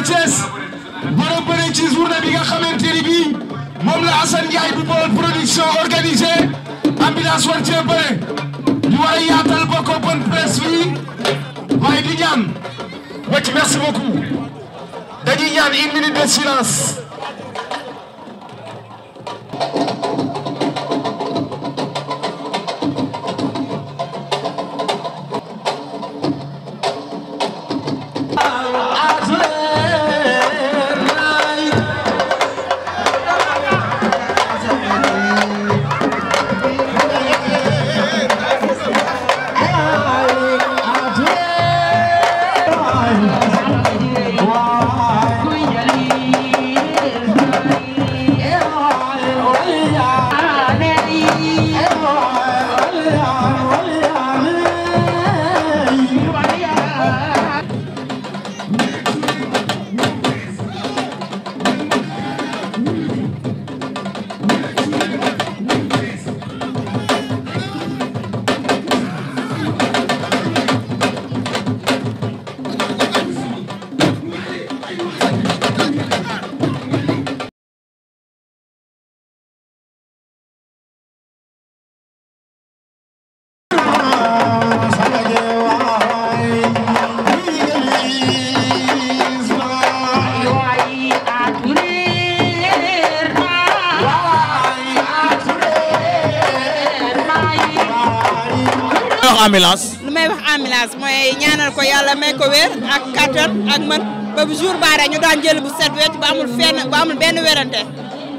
bëre Thiès war a bëre bi nga xamante ni bii moom la Assane Ndiaye bu Baol production organisé ambulance war cee bëre ñu war a yaatal bokk open presse fii waaye di ñaan ba ci merci beaucoup dañuy ñaan wax ambulance. lu may wax ambulance mooy ñaanal ko yàlla may ko wér ak kattan ak man ba bu jour baare ñu daan jël bu set wécc ba amul fenn ba amul benn wérante.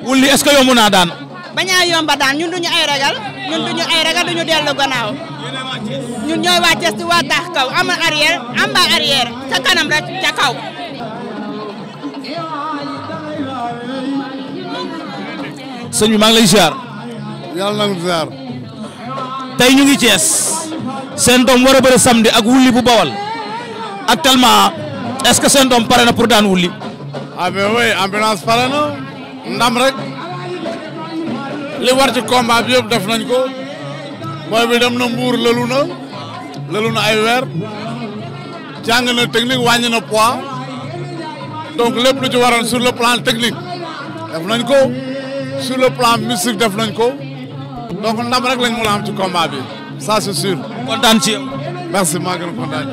wulli est-ce que yomb naa daan. bañaa yomba daan ñun duñu ay ragal ñun duñu ay ragal duñu dellu gannaaw ñun ñooy waa Thiès di waa taax kaw amul arrière am ba arrière ca kanam rek ca kaw. sëñ bi maa ngi lay ziar. yàlla na nga ziar. tey ñu ngi Thiès. seen doom war a bëri samedi ak wulli bu bawal actuellement est ce que seen doom pare na pour daan wulli. ah mais oui ambulance pare na ndam rek li war ci combat bi def nañ ko booy bi dem na mbuur lëlu na lëlu na ay weer na technique wàññi na poids donc lépp lu ci waroon sur le plan technique def nañ ko sur le plan mystique def nañ ko donc ndam rek lañ mën ci combat bi ça c'est kontaan ci yow. merci maa gën a kontaan.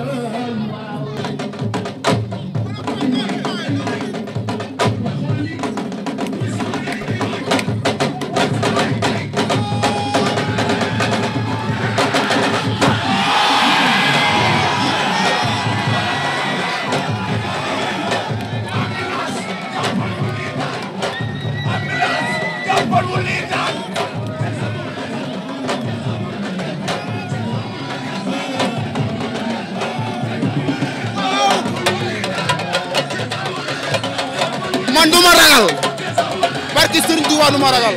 Por bonita. man du ma ragal barki sëriñ Tuubaa du ma ragal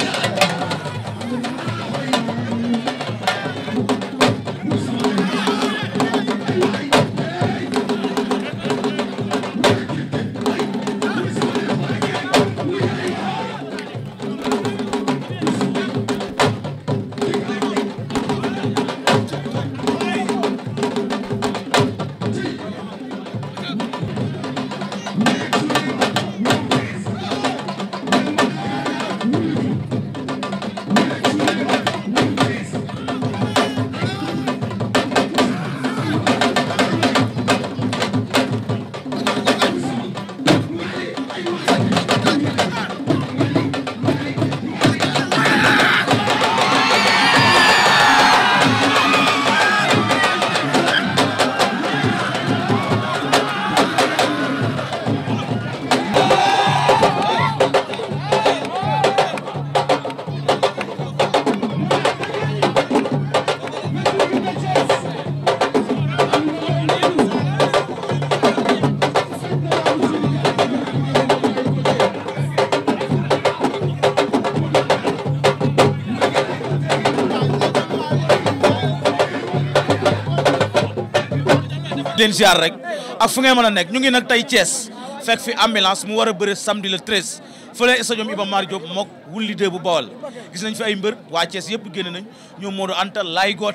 leen ziar rek ak fu ngeen mën a nekk a bëre samedi le 13 fële stadium Iba Mar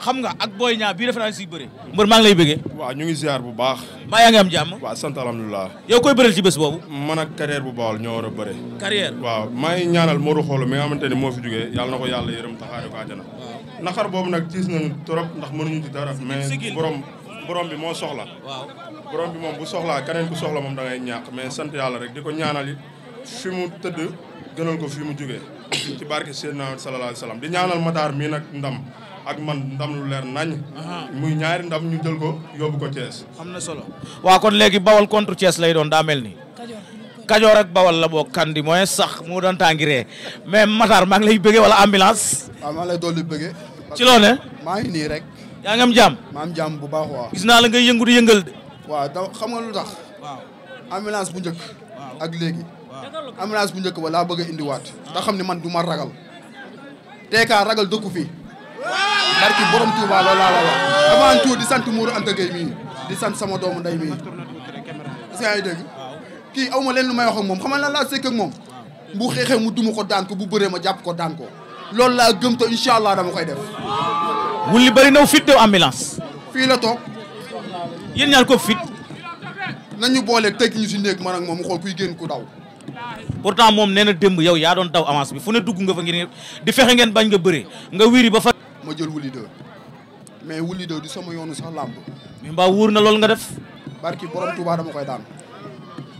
xam nga ak Boy Niang bii defe naa si bëre mbër maa ngi lay bëggee waaw ñu ngi ziar bu baax maa yaa ngi am jàmm waaw sant alhamdulilah yow koy bëreel ci bés boobu man bu Bawol ñoo a bëre carrière waaw maa ngi ñaanal Modou Xolo mi nga xamante ne moo fi jógee yàlla na ko yàlla yërëm taxaare ko àjjana naqar boobu nag tiis nañu trop ndax mënuñu ci dara mais borom borom bi moo soxla. waaw borom bi moom bu soxlaa keneen ku soxla moom da ngay ñàkk mais sant yàlla rek di ko ñaanal fi mu tëdd gënal ko fi mu jógee ci barke Seydina sallallahu alayhi wasallam di ñaanal Matar mii nag ndam ak man ndam lu leer nañ muy ñaari ndam ñu jël ko yóbbu ko Thiès. am na solo waaw kon léegi bawal contre Thiès lay doon daa mel ni. Kajoor ak bawal la boo kandi mooy sax mu doon tàngiree mais Matar maa lay bëggee wala ambulance. maa ngi lay dolli bëggee. ci yaa ngi am jàmm. maa bu baax waaw. gis naa la ngay yëngu di yëngal de. waaw da xam nga lu tax. waaw ambulance bu njëkk. ak léegi. waaw bu njëkk ba laa bëgg indiwaat. te xam ne man du ma ragal. teeka ragal dëkku fi. barki borom Touba loolu laa la wax. avant tout di sant Mourou Anta Gueye mii. di sant sama doomu nday mii. est-ce que ngi dégg. kii aw ma leen lu may wax moom xam nga lan laa sekk ak moom. bu xeexee mu duma ko daan ko bu bëree ma jàpp ko daan ko. loolu laa gëm te incha allah koy def. wulli bëri naw fit dew ambulance. fii la toog. yéen ñaar ko fit. nañu boole teg ñu si néeg man ak moom mu xool kuy génn ku daw. pourtant moom nee na démb yow yaa doon daw avance bi fu ne dugg nga fa ngeen di fexe ngeen bañ nga bëree nga wiri ba fa. ma jël wulli de mais wulli de di sama yoonu sax làmb. mais mbaa wóor na loolu nga def. barki borom Touba dama koy daan.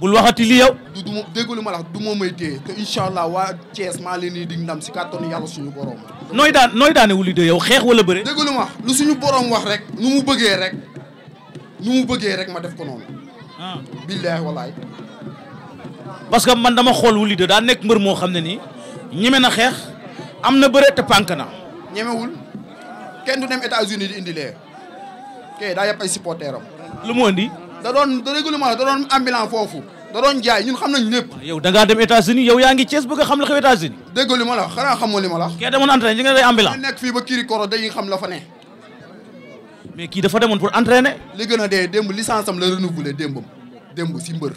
bul waxati li yow. du du déglu ma la du moo may téye te incha allah waa Thiès maa leen di dig ndam si kàttanu yàlla suñu boroom nooy daan nooy daane wuli de yow xeex wala bëre. déglu ma lu suñu borom wax rek. nu mu bëggee rek nu mu bëggee rek ma def ko noonu. Ah. billaahi walaay. parce que man dama xool wuli de daa nekk mbër moo xam ne nii ñeme na xeex am na bëre te pànk na. ñemewul kenn du dem États-Unis di indi lee kay daa yëpp ay supporteram lu mu da doon da réglement da doon ambulant foofu da doon jaay ñun xam nañ lépp ah, yow da ngaa dem États-Unis yow yaa ngi Thiès bëgg a xam la xew États-Unis dégg li ma la xanaa xamoo li ma la kee demoon entraîné ñi nga day ambulant nekk fii ba Kirikoro day xam la fa ne mais kii dafa demoon pour entraîner li gën a dee démb licence am la renouvelé demb si mbër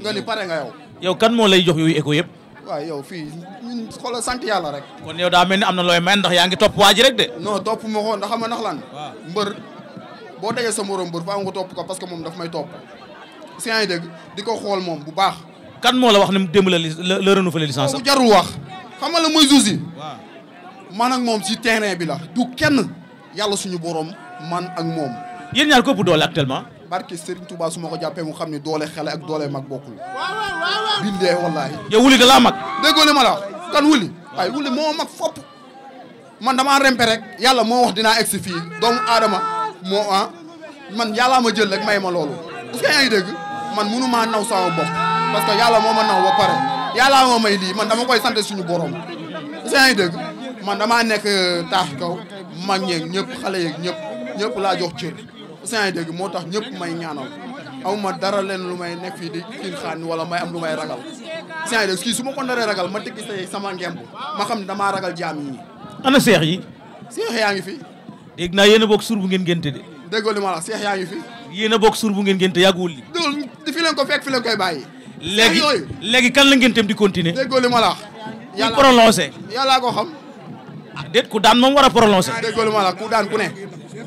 nga ni pare nga yow yow kan moo lay jox yooyu écho yëpp waaw yow fii ñun xoolal sant yàlla rek kon yow daa mel ni am na looy may ndax yaa ngi topp waa ji rek de non topp ma ko ndax xam nga ndax lan mbër boo dajee sa morom mbër faa nga topp ko parce que moom daf may topp si yaa ngi dégg di ko xool moom bu baax. kan moo la wax ne démb la la renouveler licence am. jarul wax xam nga la mooy Zouzi. waaw man ak moom si terrain bi la du kenn yàlla suñu borom man ak moom. yéen ñaar képp doole actuellement. barke Serigne Touba su ma ko jàppee mu xam ne doole xale ak doolee mag bokkul. bindee wallaahi. yow wuli da laa mag. déggoo li ma la kan wuli. waaye wuli moo mag fopp man damaa rempe rek yàlla moo wax dinaa egg si fii doomu aadama. moo ah man yàllaa ma jël rek may ma loolu est-ce que yaa man munu maa naw sama bopp parce que yàlla moo ma naw ba pare yàllaa moo may lii man dama koy sant suñu borom est-ce que yaa ngi dégg man damaa nekk euh, taax kaw mag ñeeg ñëpp xale yeeg ñëpp ñëpp laa jox cër est-ce que yaa moo tax ñëpp may aw ma dara leen lu may nekk fii di kiin xaan wala may am lu may ragal est-ce que yaa ngi su ma ko naree ragal ma tekki say sama ngemb ma xam ne damaa ragal jaam yi. ana seex yi. yaa ngi fi. dégg naa yéen bokk suur bu ngeen génte de déggoo li seex yaa fi yéen bokk suur bu ngeen génte yàgguwul li di fi leen ko fekk fi leen koy bàyyi léegi léegi kan la ngénteem di continuer déggoo li ma la yàlla prolongé yàllaa ko xam ah déet ku daan moom war a prolongé déggoo li ma ku daan ku ne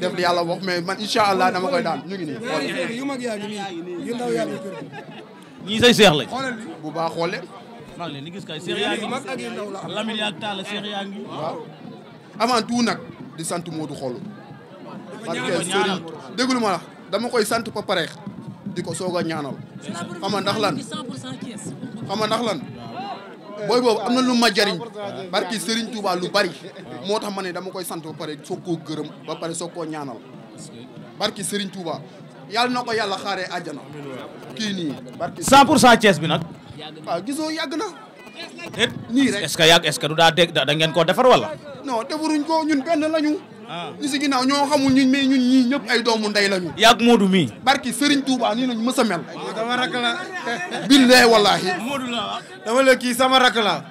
def li yàlla wax mais man incha allah dama koy daan ñu ngi nii yu mag yaa ngi nii yu ndaw seex lañ bu baax xoole maa ngi leen di gis kay seex yaa ngi Lamine di sant Modou Xol parce que sëriñ déglu ma dama koy sant ba pare di ko soog a ñaanal xam nga ndax lan xam nga ndax lan booy boobu am na lu majariñ jariñ barki Serigne Touba lu bari moo tax ma ne dama koy sant ba soo soog gërëm ba pare soog koo ñaanal barki sëriñ Touba yàlla na ko yàlla xaaree àjjana kii nii. barki pour cent Thiès bi nag. waaw gisoo yàgg na. déet nii rek est-ce que yàgg est-ce que du daa dégg da ngeen koo defar wala. non defaruñ ko ñun benn lañu. ñu ah. si ginnaaw ñoo xamul ñun mais ñun ñii ñëpp ay doomu ndey lañu. yàgg Modou mi barki Serigne Touba nii lañu mës a mel. sama rakk la. billahi wallahi. Modou la kii sama rakk la.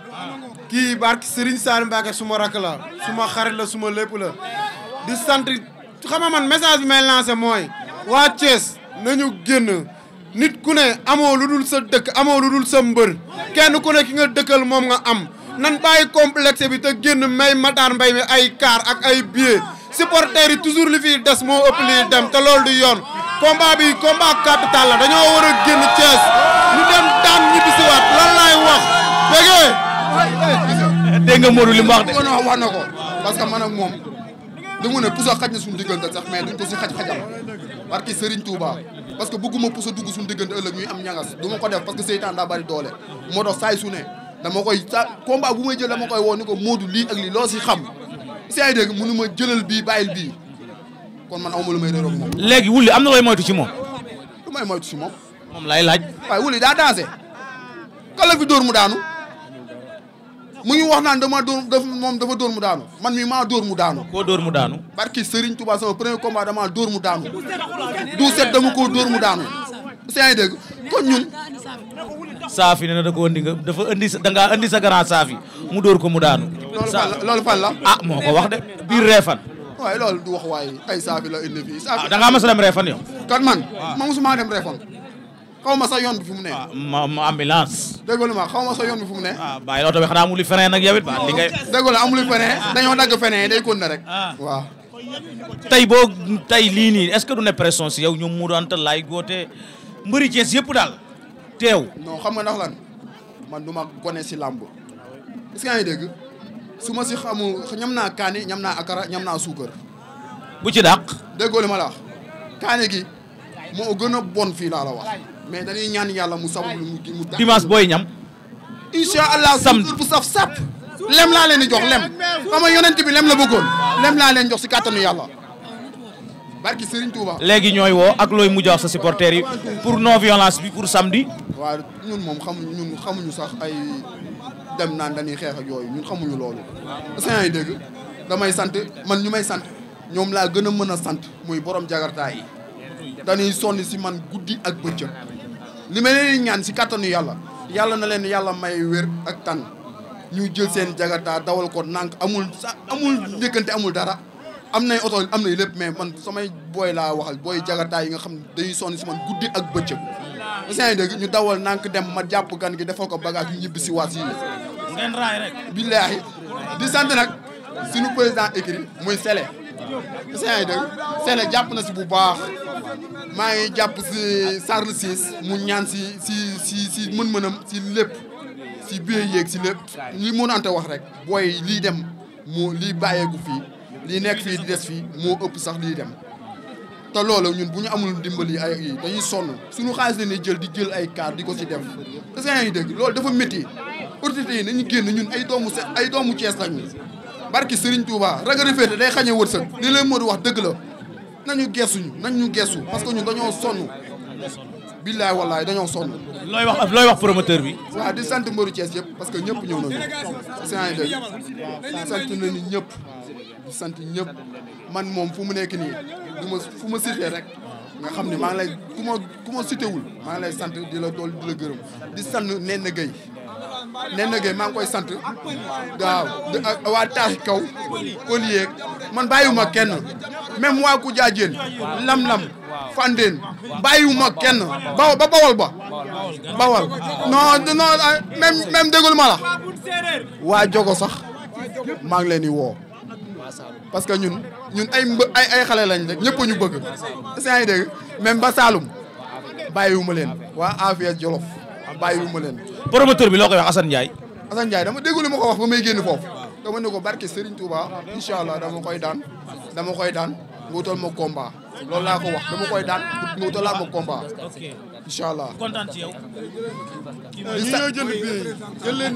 kii barki Serigne Saliou Mbacké suma rakk la suma xarit la suma lépp la. di sant xam man message bi may lancé mooy. waa Thiès nañu génn. nit ku ne amoo lu dul sa dëkk amoo lu dul sa mbër kenn ku ne ki nga dëkkal moom nga am nan bàyyi complexe bi te génn may Matar mbay mi ay car ak ay billet supporters yi toujours li fi des moo ëpp liy dem te lool du yoon combat bi combat capital la dañoo war a génn Thiès ñu dem daan ñibbisiwaat lan laay wax bégee dégg nga Modou li mu wax de non wax na ko parce que man ak moom li mu ne pousa xaj na suñu diggante sax mais duñ ko si xaj-xajal barki Serigne Touba parce que bëgguma pour sa dugg suñu diggante ëllëg ñuy am ñangas du ma def parce que seytaan daa bari doole moo tax saay su ne dama koy sa combat bu may jël dama koy woo ni ko Modou lii ak lii loo si xam si ay dégg mënu ma jëlal bii bàyyil bii kon man awma lu may réeroog moom léegi wuli am na looy moytu ci moom lu may moytu ci moom moom laaj waaye wuli daa dansé kan dóor mu daanu mu ngi wax naan dama dóor daf moom mu daanu man mi maa dóor mu daanu. koo dóor mu daanu. barki Serigne Touba sama premier combat dama dóor mu daanu. du set dama koo dóor mu daanu. si yaa ngi ñun. saafi nee na da ko dafa andi sa da ngaa sa grand saafi mu dóor ko mu daanu. saafi loolu fan la loolu ah, moo ko wax de biir reefan. waaye loolu du wax waaye ay saafi la indi fii. saafi ah da ngaa a dem reefan yow. kat man ah. ma mosuma dem reefan. xaw ma sa yoon fu mu ne. ma ma xaw ma sa yoon bi fu mu ne. waaw ah, ah, bàyyi oto bi xanaa amul frein dañoo dagg frein day kon na ah. tey boo tey lii nii est-ce que du ne pression si yow ñoom mu doon laay goote mbëri Cees yëpp daal teew. xam nga ndax lan man du gone si làmb. est-ce ngi dégg su si xamul ñam naa kaani ñam naa akara ñam naa suukar. bu ci dàq. déggoo ma la wax kaani gi moo gën a bon fii laa wax. mais dañuy ñaan yàlla mu sabab lu mu gi mu. dimanche booy ñam. incha allah samedi bu saf sap. lem laa leen di jox lem xama yonent bi lem la bëggoon lem laa leen jox si kàttanu yàlla barki Serigne Touba. léegi ñooy woo ak looy mujj wax sa supporters yi pour non bi pour samedi. waa ñun moom xamuñu ñun xamuñu sax ay dem naan dañuy xeex ak yooyu ñun xamuñu loolu. saa yi dégg damay sant man ñu may sant ñoom laa gën a mën a sant muy borom jagartaay yi dañuy sonn si man guddi ak bëccëg. li ma ñaan si kàttanu yàlla yàlla na leen yàlla may wér ak tan ñu jël seen jagata dawal ko nànk amul sa amul njëkkante amul dara am na nay oto am nay lépp mais man samay booy laa waxal booy jagata yi nga xam ne dañuy sonn si man guddi ak bëccëg seen dëgg ñu dawal nànk dem ma jàpp gan gi defal ko bagage ñu ñibbi si waas yi ngeen raay billaahi di sant nag suñu président écrit muy Sele seen dëgg Sele jàpp na si bu baax maa ngi jàpp si Charles Ciss mu ñaan si si si si mën-mënam si lépp si biir yéeg si lépp li mën ante wax rek booy lii dem mu lii bàyyeeku fii lii nekk fii des fii moo ëpp sax lii dem te loolu ñun bu ñu amul dimbali ay yi dañuy sonn suñu xaalis la ñuy jël di jël ay kaar di ko si def est-ce que yaa ngi dégg loolu dafa métti autorités yi nañu génn ñun ay doomu ay doomu Cees lañu barki Serigne Touba ragal a féete day xañee wërsëg li lay moo di wax dëgg la nañu geesuñu nañu geesu parce que ñun dañoo sonn billaay wallaay dañoo sonn. looy wax looy wax promoteur bi. waaw di sant mbaru Thiès yëpp parce que ñëpp ñëw nañu. sant nañu sant ni ñëpp. di sant ñëpp man moom fu mu nekk nii du ma fu ma cité rek nga xam ne maa ngi lay ku ma ku ma cité wul maa lay sant di la dool di la gërëm di sant Nene Gueye Nene Gueye maa ngi koy sant waaw waa tax kaw Koli yeeg man bàyyiwuma kenn. même waa ku jaajeen lam-lam fandeen bàyyiwuma kenn ba ba bawal ba bawal non non même ma waa jogo sax maa ngi leen di woo parce que ñun ñun ay mbë ay ay xale lañ rek ñëpp ñu bëgg saa ngi dégg même ba Saalum bàyyiwuma leen waa Afia Jolof bàyyiwuma leen promoteur bi loo koy wax Assane Ndiaye Assane dama déggul ma ko wax ba may génn foofu dama ne ko barke Serigne Touba incha allah dama koy daan dama koy daan nga wutal ma combat loolu laa ko wax dama koy daan nga wutalaat ma combat. incha allah kontaan ci yow. Eh,